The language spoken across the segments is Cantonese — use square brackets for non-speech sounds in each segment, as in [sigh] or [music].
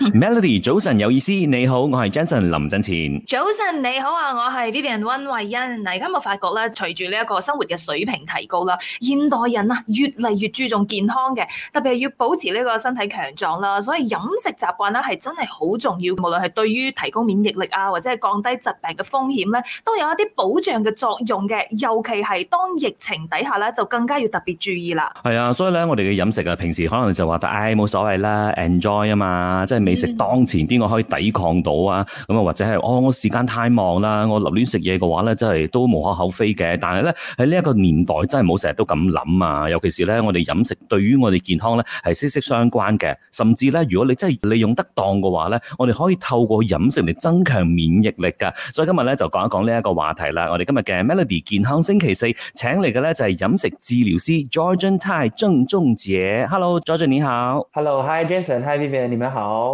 [laughs] Melody，早晨有意思，你好，我係 Jason 林振前。早晨你好啊，我係 Vivian 溫慧欣。嗱，而家我發覺咧，隨住呢一個生活嘅水平提高啦，現代人啊越嚟越注重健康嘅，特別係要保持呢個身體強壯啦。所以飲食習慣咧係真係好重要，無論係對於提高免疫力啊，或者係降低疾病嘅風險咧，都有一啲保障嘅作用嘅。尤其係當疫情底下咧，就更加要特別注意啦。係啊，所以咧我哋嘅飲食啊，平時可能就話得唉冇所謂啦，enjoy 啊嘛，即係。美食當前，邊個可以抵抗到啊？咁啊，或者係哦，我時間太忙啦，我留亂食嘢嘅話咧，真係都無可厚非嘅。但係咧喺呢一個年代，真係冇成日都咁諗啊！尤其是咧，我哋飲食對於我哋健康咧係息息相關嘅。甚至咧，如果你真係利用得當嘅話咧，我哋可以透過飲食嚟增強免疫力㗎。所以今日咧就講一講呢一個話題啦。我哋今日嘅 Melody 健康星期四請嚟嘅咧就係、是、飲食治療師 George and Tai 鄭仲傑 Hello，George i 你好。Hello，Hi Jason，Hi Vivian 你哋好。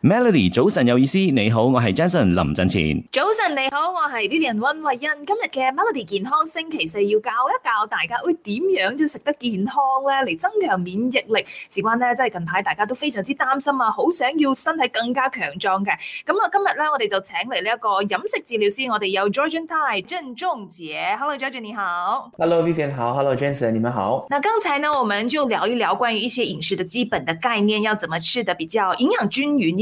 Melody，早晨有意思，你好，我係 Jason 林振前。早晨你好，我係 Vivian 溫慧欣。今日嘅 Melody 健康星期四要教一教大家，會、哎、點樣先食得健康咧，嚟增強免疫力。事關咧，真係近排大家都非常之擔心啊，好想要身體更加強壯嘅。咁啊，今日咧，我哋就請嚟呢一個飲食治療師，我哋有 George Tan 張忠姐。Hello，George 你好。Hello，Vivian 好。Hello，Jason 你們好。嗱，剛才呢，我們就聊一聊關於一些飲食的基本的概念，要怎麼吃得比較營養均勻。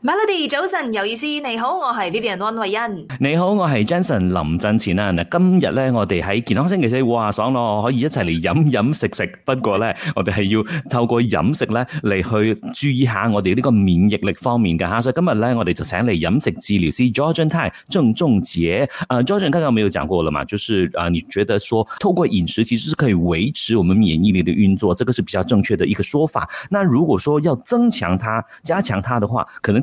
Melody，早晨，有意思，你好，我是 Vivian 溫慧欣。你好，我是 Jason 林振前啊。嗱，今日呢我們在健康星期四，哇，爽咯，可以一起來飲飲食食。不過呢我們是要透過飲食咧嚟去注意一下我哋這個免疫力方面嘅吓。所以今日呢我們就請來飲食治療師 Tai，你知 Jordan 泰鄭仲傑啊 Jordan 剛剛沒有講過了嘛？就是啊，uh, 你覺得說透過飲食其實是可以維持我們免疫力的運作，這個是比較正確的一個說法。那如果說要增強它、加強它的話，可能。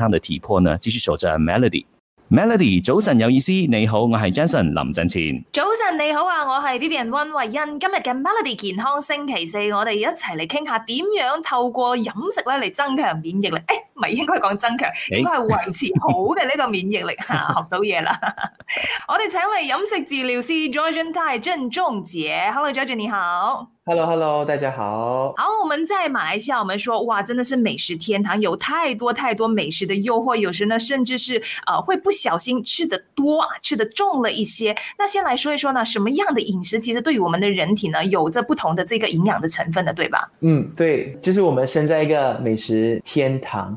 他的體魄呢？只需坐在 Melody。Melody，早晨有意思，你好，我係 Jason 林振前。早晨你好啊，我係 B B 人溫慧欣。今日嘅 Melody 健康星期四，我哋一齊嚟傾下點樣透過飲食咧嚟增強免疫力。誒、哎！唔係應該講增強，應該係維持好嘅呢個免疫力嚇，學到嘢啦。 [laughs] 我哋請嚟飲食治療師 George Tan，鄭仲傑。Hello，George，你好。Hello，Hello，hello, 大家好。好，我們在馬來西亞，我們說哇，真的是美食天堂，有太多太多美食的誘惑。有時呢，甚至是啊、呃，會不小心吃得多，吃得重了一些。那先來說一說呢，什麼樣的飲食其實對於我們的人體呢，有着不同的這個營養的成分的，對吧？嗯，對，就是我們生在一個美食天堂。